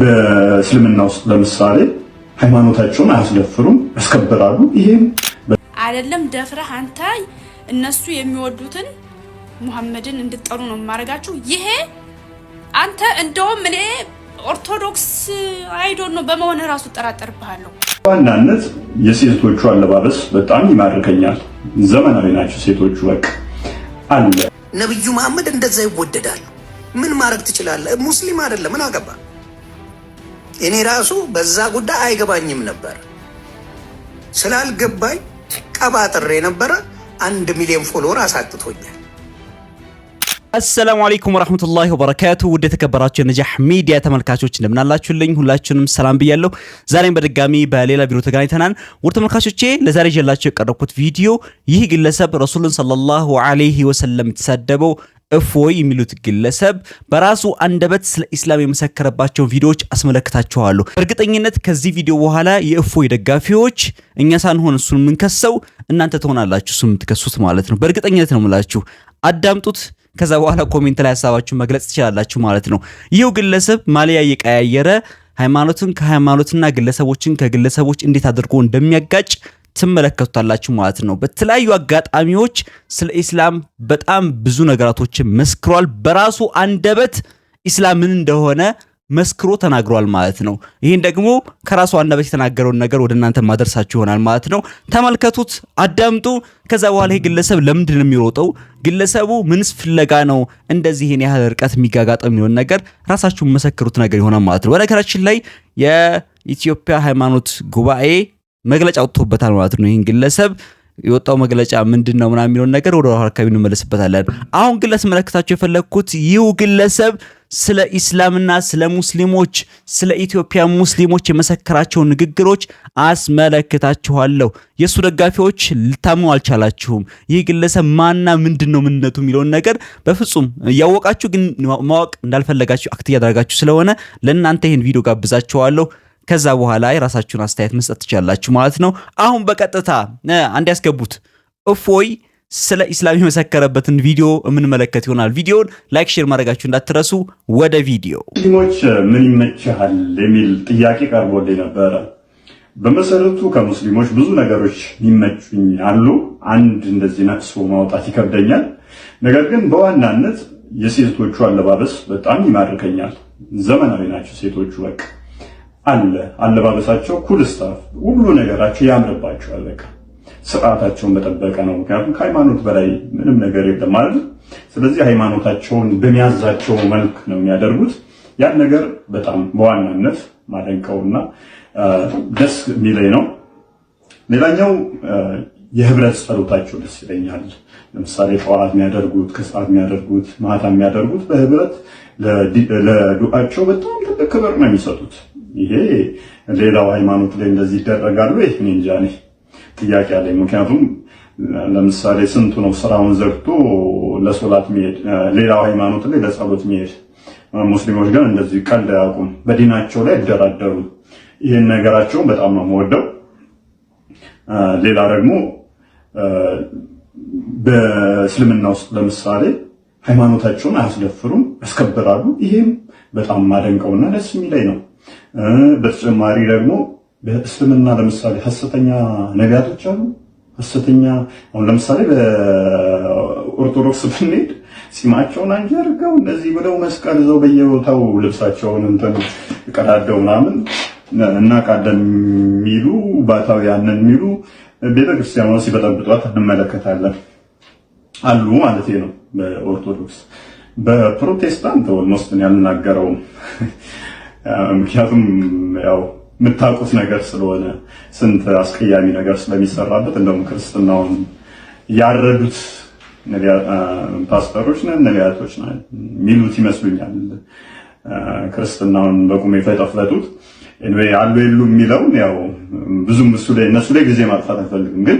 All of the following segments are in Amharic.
በእስልምና ውስጥ ለምሳሌ ሃይማኖታቸውን አያስደፍሩም፣ ያስከብራሉ። ይሄም አይደለም ደፍረህ አንተ እነሱ የሚወዱትን ሙሐመድን እንድጠሩ ነው የማደርጋችሁ። ይሄ አንተ እንደውም እኔ ኦርቶዶክስ አይዶን ነው በመሆን ራሱ ጠራጠርብሃለሁ። በዋናነት የሴቶቹ አለባበስ በጣም ይማርከኛል። ዘመናዊ ናቸው ሴቶቹ። በቃ አለ ነብዩ መሐመድ እንደዛ ይወደዳሉ። ምን ማድረግ ትችላለህ? ሙስሊም አይደለም ምን አገባ እኔ ራሱ በዛ ጉዳይ አይገባኝም ነበር። ስላልገባኝ ቀባጥር የነበረ አንድ ሚሊዮን ፎሎወር አሳጥቶኛል። አሰላሙ አለይኩም ወራህመቱላሂ ወበረካቱ። ውድ የተከበራችሁ የነጃህ ሚዲያ ተመልካቾች እንደምናላችሁልኝ ሁላችሁንም ሰላም ብያለሁ። ዛሬም በድጋሚ በሌላ ቪዲዮ ተገናኝተናል። ውድ ተመልካቾቼ ለዛሬ ይዤላችሁ የቀረብኩት ቪዲዮ ይህ ግለሰብ ረሱልን ሰለላሁ አለይሂ ወሰለም የተሳደበው እፎይ የሚሉት ግለሰብ በራሱ አንደበት ስለ ኢስላም የመሰከረባቸውን ቪዲዮዎች አስመለክታችኋለሁ። በእርግጠኝነት ከዚህ ቪዲዮ በኋላ የእፎይ ደጋፊዎች እኛ ሳንሆን እሱን የምንከሰው እናንተ ትሆናላችሁ፣ እሱን የምትከሱት ማለት ነው። በእርግጠኝነት ነው የምላችሁ። አዳምጡት። ከዛ በኋላ ኮሜንት ላይ ሀሳባችሁን መግለጽ ትችላላችሁ ማለት ነው። ይህው ግለሰብ ማሊያ እየቀያየረ ሃይማኖትን ከሃይማኖትና ግለሰቦችን ከግለሰቦች እንዴት አድርጎ እንደሚያጋጭ ትመለከቱታላችሁ ማለት ነው። በተለያዩ አጋጣሚዎች ስለ ኢስላም በጣም ብዙ ነገራቶችን መስክሯል። በራሱ አንደበት ኢስላም ምን እንደሆነ መስክሮ ተናግሯል ማለት ነው። ይህን ደግሞ ከራሱ አንደበት የተናገረውን ነገር ወደ እናንተ ማደርሳችሁ ይሆናል ማለት ነው። ተመልከቱት፣ አዳምጡ። ከዛ በኋላ ይህ ግለሰብ ለምንድን ነው የሚሮጠው? ግለሰቡ ምንስ ፍለጋ ነው እንደዚህን ያህል ርቀት የሚጋጋጠው የሚሆን ነገር ራሳችሁ መሰክሩት ነገር ይሆናል ማለት ነው። በነገራችን ላይ የኢትዮጵያ ሃይማኖት ጉባኤ መግለጫ ወጥቶበታል ማለት ነው። ይህን ግለሰብ የወጣው መግለጫ ምንድን ነው ምናምን የሚለውን ነገር ወደ አካባቢ እንመለስበታለን። አሁን ግን ላስመለከታችሁ የፈለግኩት ይህ ግለሰብ ስለ ኢስላምና ስለ ሙስሊሞች ስለ ኢትዮጵያ ሙስሊሞች የመሰከራቸውን ንግግሮች አስመለክታችኋለሁ። የእሱ ደጋፊዎች ልታምኑ አልቻላችሁም። ይህ ግለሰብ ማና ምንድን ነው ምንነቱ የሚለውን ነገር በፍጹም እያወቃችሁ ግን ማወቅ እንዳልፈለጋችሁ አክት እያደረጋችሁ ስለሆነ ለእናንተ ይህን ቪዲዮ ጋብዛችኋለሁ። ከዛ በኋላ የራሳችሁን አስተያየት መስጠት ትችላላችሁ ማለት ነው። አሁን በቀጥታ አንድ ያስገቡት እፎይ ስለ ኢስላም የመሰከረበትን ቪዲዮ የምንመለከት ይሆናል። ቪዲዮን ላይክ፣ ሼር ማድረጋችሁ እንዳትረሱ። ወደ ቪዲዮ ሙስሊሞች ምን ይመችሃል የሚል ጥያቄ ቀርቦልኝ ነበረ። በመሰረቱ ከሙስሊሞች ብዙ ነገሮች ይመቹኝ አሉ። አንድ እንደዚህ ነቅሶ ማውጣት ይከብደኛል። ነገር ግን በዋናነት የሴቶቹ አለባበስ በጣም ይማርከኛል። ዘመናዊ ናቸው ሴቶቹ። በቃ አለ አለባበሳቸው፣ ኩል ስታፍ፣ ሁሉ ነገራቸው ያምርባቸዋል። በቃ ስርዓታቸውን በጠበቀ ነው። ምክንያቱም ከሃይማኖት በላይ ምንም ነገር የለም ማለት ስለዚህ ሃይማኖታቸውን በሚያዛቸው መልክ ነው የሚያደርጉት። ያን ነገር በጣም በዋናነት ማደንቀውና ደስ የሚለኝ ነው። ሌላኛው የህብረት ጸሎታቸው ደስ ይለኛል። ለምሳሌ ጠዋት የሚያደርጉት፣ ከሰዓት የሚያደርጉት፣ ማታ የሚያደርጉት በህብረት ለዱዓቸው በጣም ትልቅ ክብር ነው የሚሰጡት። ይሄ ሌላው ሃይማኖት ላይ እንደዚህ ይደረጋሉ ይህ እኔ እንጃ ጥያቄ አለኝ። ምክንያቱም ለምሳሌ ስንቱ ነው ስራውን ዘግቶ ለሶላት መሄድ፣ ሌላው ሃይማኖት ላይ ለጸሎት መሄድ። ሙስሊሞች ግን እንደዚህ ቀልድ አያውቁም፣ በዲናቸው ላይ ይደራደሩ። ይህን ነገራቸውን በጣም ነው የምወደው። ሌላ ደግሞ በእስልምና ውስጥ ለምሳሌ ሃይማኖታቸውን አያስደፍሩም፣ ያስከብራሉ። ይህም በጣም ማደንቀውና ደስ የሚለኝ ነው። በተጨማሪ ደግሞ በእስልምና ለምሳሌ ሀሰተኛ ነቢያቶች አሉ። ሀሰተኛ አሁን ለምሳሌ በኦርቶዶክስ ብንሄድ ሲማቸውን አንጂ አድርገው ብለው መስቀል ይዘው በየቦታው ልብሳቸውን እንትን ቀዳደው ምናምን እናቃለን የሚሉ ያንን የሚሉ ቤተክርስቲያኗ ሲበጠብጧት እንመለከታለን አሉ ማለት ነው። በኦርቶዶክስ በፕሮቴስታንት ኦልሞስት ያልናገረውም ምክንያቱም ያው የምታውቁት ነገር ስለሆነ ስንት አስቀያሚ ነገር ስለሚሰራበት እንደውም ክርስትናውን ያረዱት ፓስተሮች ነን ነቢያቶች የሚሉት ይመስሉኛል። ክርስትናውን በቁም የተጠፈጡት አሉ የሉ የሚለውን ያው ብዙም እሱ ላይ እነሱ ላይ ጊዜ ማጥፋት አልፈልግም፣ ግን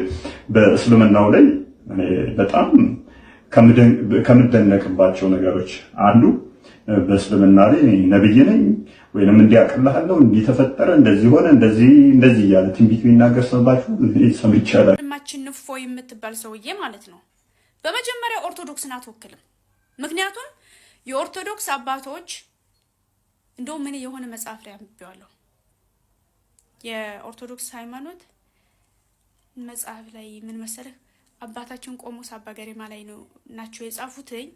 በእስልምናው ላይ በጣም ከምደነቅባቸው ነገሮች አንዱ በእስልምና ላይ ነብይ ነኝ ወይንም እንዲያቅልሃለሁ እንዲተፈጠረ እንደዚህ ሆነ እንደዚህ እንደዚህ እያለ ትንቢት ቢናገር ሰባችሁ ሰምቻለሁ። ማችን ንፎ የምትባል ሰውዬ ማለት ነው። በመጀመሪያ ኦርቶዶክስን አትወክልም። ምክንያቱም የኦርቶዶክስ አባቶች እንደውም ምን የሆነ መጽሐፍ ላይ አንብቤዋለሁ። የኦርቶዶክስ ሃይማኖት መጽሐፍ ላይ ምን መሰለህ አባታችን ቆሞስ አባ ገሪማ ላይ ነው ናቸው የጻፉትኝ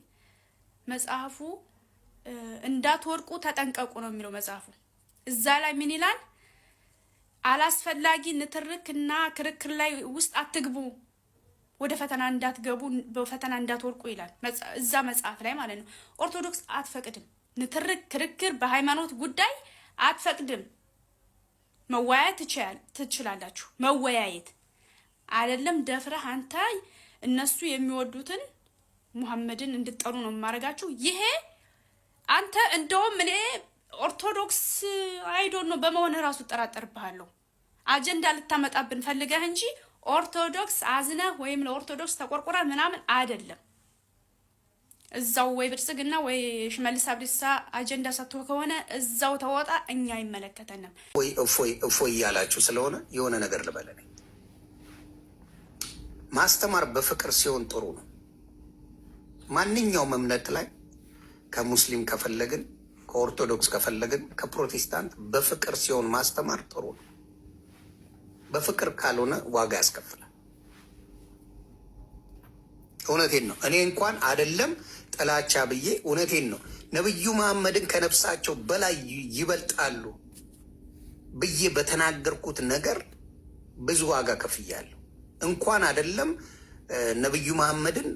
መጽሐፉ እንዳትወርቁ ተጠንቀቁ ነው የሚለው መጽሐፉ። እዛ ላይ ምን ይላል? አላስፈላጊ ንትርክ እና ክርክር ላይ ውስጥ አትግቡ፣ ወደ ፈተና እንዳትገቡ፣ በፈተና እንዳትወርቁ ይላል እዛ መጽሐፍ ላይ ማለት ነው። ኦርቶዶክስ አትፈቅድም፣ ንትርክ፣ ክርክር በሃይማኖት ጉዳይ አትፈቅድም። መወያየት ትችላላችሁ፣ መወያየት አይደለም ደፍረህ አንተ እነሱ የሚወዱትን ሙሐመድን እንድጠሩ ነው የማደርጋችሁ ይሄ አንተ እንደውም እኔ ኦርቶዶክስ አይዶን ነው በመሆን ራሱ እጠራጠርብሃለሁ። አጀንዳ ልታመጣብን ፈልገህ እንጂ ኦርቶዶክስ አዝነህ ወይም ለኦርቶዶክስ ተቆርቆረ ምናምን አይደለም። እዛው ወይ ብልጽግና ወይ ሽመልስ አብዲሳ አጀንዳ ሰጥቶ ከሆነ እዛው ተወጣ፣ እኛ አይመለከተንም። ወይ እፎይ እፎይ እያላችሁ ስለሆነ የሆነ ነገር ልበለን። ማስተማር በፍቅር ሲሆን ጥሩ ነው። ማንኛውም እምነት ላይ ከሙስሊም ከፈለግን ከኦርቶዶክስ ከፈለግን ከፕሮቴስታንት በፍቅር ሲሆን ማስተማር ጥሩ ነው። በፍቅር ካልሆነ ዋጋ ያስከፍላል። እውነቴን ነው። እኔ እንኳን አደለም ጥላቻ ብዬ እውነቴን ነው። ነቢዩ መሐመድን ከነፍሳቸው በላይ ይበልጣሉ ብዬ በተናገርኩት ነገር ብዙ ዋጋ ከፍያለሁ። እንኳን አደለም ነብዩ መሐመድን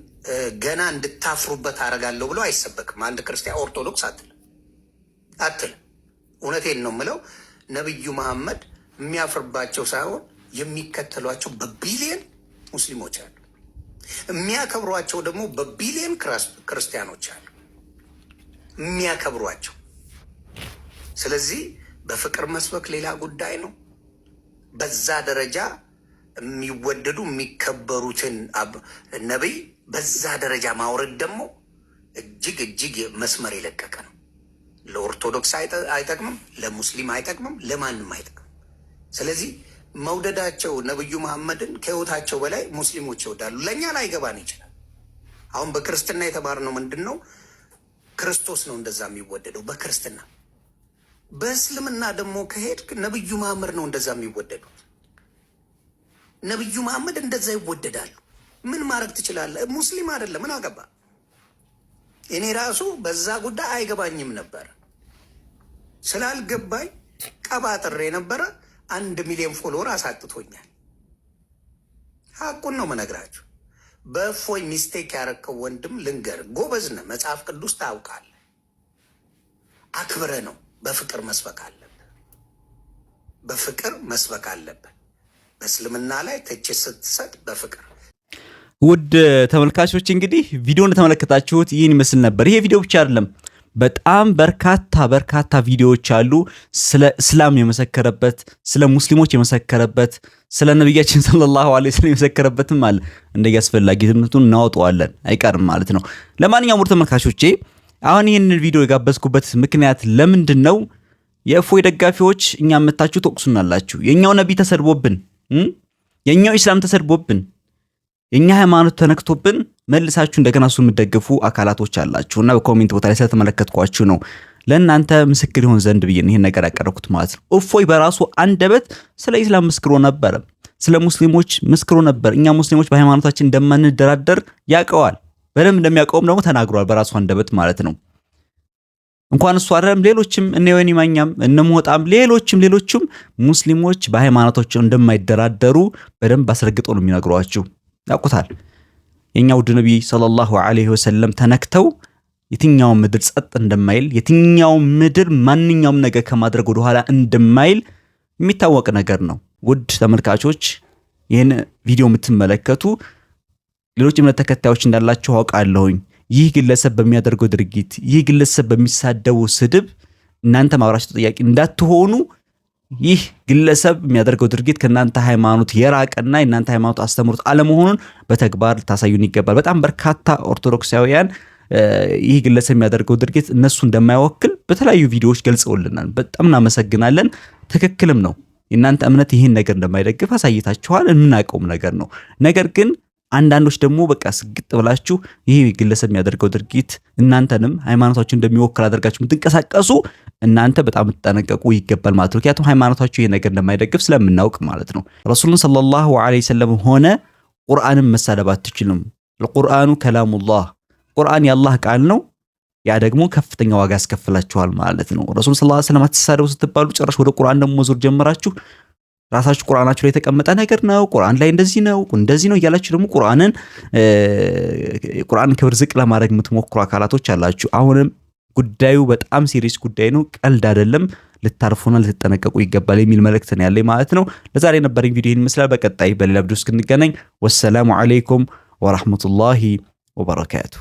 ገና እንድታፍሩበት አደርጋለሁ ብሎ አይሰበክም። አንድ ክርስቲያን ኦርቶዶክስ አትል አትል። እውነቴን ነው የምለው። ነብዩ መሐመድ የሚያፍርባቸው ሳይሆን የሚከተሏቸው በቢሊየን ሙስሊሞች አሉ። የሚያከብሯቸው ደግሞ በቢሊየን ክርስቲያኖች አሉ የሚያከብሯቸው። ስለዚህ በፍቅር መስበክ ሌላ ጉዳይ ነው። በዛ ደረጃ የሚወደዱ የሚከበሩትን ነቢይ በዛ ደረጃ ማውረድ ደግሞ እጅግ እጅግ መስመር የለቀቀ ነው። ለኦርቶዶክስ አይጠቅምም፣ ለሙስሊም አይጠቅምም፣ ለማንም አይጠቅምም። ስለዚህ መውደዳቸው ነብዩ መሐመድን ከህይወታቸው በላይ ሙስሊሞች ይወዳሉ። ለእኛ ላይገባን ይችላል። አሁን በክርስትና የተማርነው ምንድን ነው? ክርስቶስ ነው እንደዛ የሚወደደው በክርስትና። በእስልምና ደግሞ ከሄድክ ነብዩ መሐመድ ነው እንደዛ የሚወደዱት። ነቢዩ መሐመድ እንደዛ ይወደዳሉ። ምን ማድረግ ትችላለህ? ሙስሊም አይደለም። ምን አገባ? እኔ ራሱ በዛ ጉዳይ አይገባኝም ነበር። ስላልገባኝ ቀባጥሬ የነበረ አንድ ሚሊዮን ፎሎወር አሳጥቶኛል። ሀቁን ነው መነግራችሁ። በእፎይ ሚስቴክ ያረከው ወንድም ልንገር፣ ጎበዝ ነህ፣ መጽሐፍ ቅዱስ ታውቃለህ። አክብረ ነው በፍቅር መስበክ አለብህ። በፍቅር መስበክ አለብህ። በእስልምና ላይ ትችት ስትሰጥ በፍቅር ውድ ተመልካቾች እንግዲህ ቪዲዮ እንደተመለከታችሁት ይህን ይመስል ነበር። ይሄ ቪዲዮ ብቻ አይደለም፣ በጣም በርካታ በርካታ ቪዲዮዎች አሉ። ስለ እስላም የመሰከረበት፣ ስለ ሙስሊሞች የመሰከረበት፣ ስለ ነቢያችን ሰለላሁ ዐለይሂ ወሰለም የመሰከረበትም አለ። እንደ አስፈላጊነቱን እናወጣዋለን፣ አይቀርም ማለት ነው። ለማንኛውም ውድ ተመልካቾቼ አሁን ይህንን ቪዲዮ የጋበዝኩበት ምክንያት ለምንድን ነው? የእፎይ ደጋፊዎች እኛ መታችሁ ተወቅሱናላችሁ፣ የእኛው ነቢይ ተሰድቦብን የእኛው ኢስላም ተሰድቦብን የእኛ ሃይማኖት ተነክቶብን መልሳችሁ እንደገና እሱ የምደግፉ አካላቶች አላችሁ እና በኮሜንት ቦታ ላይ ስለተመለከትኳችሁ ነው ለእናንተ ምስክር ይሆን ዘንድ ብዬ ይህን ነገር ያቀረብኩት ማለት ነው። እፎይ በራሱ አንደበት ስለ ኢስላም ምስክሮ ነበረ፣ ስለ ሙስሊሞች ምስክሮ ነበር። እኛ ሙስሊሞች በሃይማኖታችን እንደማንደራደር ያውቀዋል። በደንብ እንደሚያውቀውም ደግሞ ተናግሯል በራሱ አንደበት ማለት ነው። እንኳን እሱ አይደለም ሌሎችም እነ ወኒ ማኛም እነ ሞጣም ሌሎችም ሌሎችም ሙስሊሞች በሃይማኖቶች እንደማይደራደሩ በደንብ አስረግጦ ነው የሚነግሯችሁ። ያውቁታል። የኛ ውድ ነቢይ ሰለላሁ ዐለይሂ ወሰለም ተነክተው የትኛውም ምድር ጸጥ እንደማይል የትኛውም ምድር ማንኛውም ነገር ከማድረግ ወደኋላ እንደማይል የሚታወቅ ነገር ነው። ውድ ተመልካቾች ይህን ቪዲዮ የምትመለከቱ ሌሎች እምነት ተከታዮች እንዳላችሁ አውቃለሁኝ። ይህ ግለሰብ በሚያደርገው ድርጊት፣ ይህ ግለሰብ በሚሳደቡ ስድብ እናንተ ማብራችሁ ተጠያቂ እንዳትሆኑ ይህ ግለሰብ የሚያደርገው ድርጊት ከእናንተ ሃይማኖት የራቀና የእናንተ ሃይማኖት አስተምሮት አለመሆኑን በተግባር ልታሳዩን ይገባል። በጣም በርካታ ኦርቶዶክሳውያን ይህ ግለሰብ የሚያደርገው ድርጊት እነሱ እንደማይወክል በተለያዩ ቪዲዮዎች ገልጸውልናል። በጣም እናመሰግናለን። ትክክልም ነው። የእናንተ እምነት ይህን ነገር እንደማይደግፍ አሳይታችኋል። የምናውቀውም ነገር ነው። ነገር ግን አንዳንዶች ደግሞ በቃ ስግጥ ብላችሁ ይህ ግለሰብ የሚያደርገው ድርጊት እናንተንም ሃይማኖታችሁ እንደሚወክል አድርጋችሁ የምትንቀሳቀሱ እናንተ በጣም ትጠነቀቁ ይገባል ማለት ነው። ምክንያቱም ሃይማኖታችሁ ይህ ነገር እንደማይደግፍ ስለምናውቅ ማለት ነው። ረሱሉን ሰለላሁ ዐለይሂ ወሰለም ሆነ ቁርአንን መሳደብ አትችሉም። ቁርአኑ ከላሙላህ፣ ቁርአን የአላህ ቃል ነው። ያ ደግሞ ከፍተኛ ዋጋ ያስከፍላችኋል ማለት ነው። ረሱሉን ሰለላሁ ዐለይሂ ወሰለም አትሳደቡ ስትባሉ ጭራሽ ወደ ቁርአን ደግሞ መዞር ጀመራችሁ። ራሳችሁ ቁርአናችሁ ላይ የተቀመጠ ነገር ነው። ቁርአን ላይ እንደዚህ ነው እንደዚህ ነው እያላችሁ ደግሞ ቁርአንን ቁርአንን ክብር ዝቅ ለማድረግ የምትሞክሩ አካላቶች አላችሁ። አሁንም ጉዳዩ በጣም ሲሪየስ ጉዳይ ነው፣ ቀልድ አይደለም። ልታርፉና ልትጠነቀቁ ይገባል የሚል መልእክት ነው ያለኝ ማለት ነው። ለዛሬ የነበረኝ ቪዲዮ ይህን ይመስላል። በቀጣይ በሌላ ቪዲዮ እስክንገናኝ ወሰላሙ አለይኩም ወራህመቱላሂ ወበረካቱ።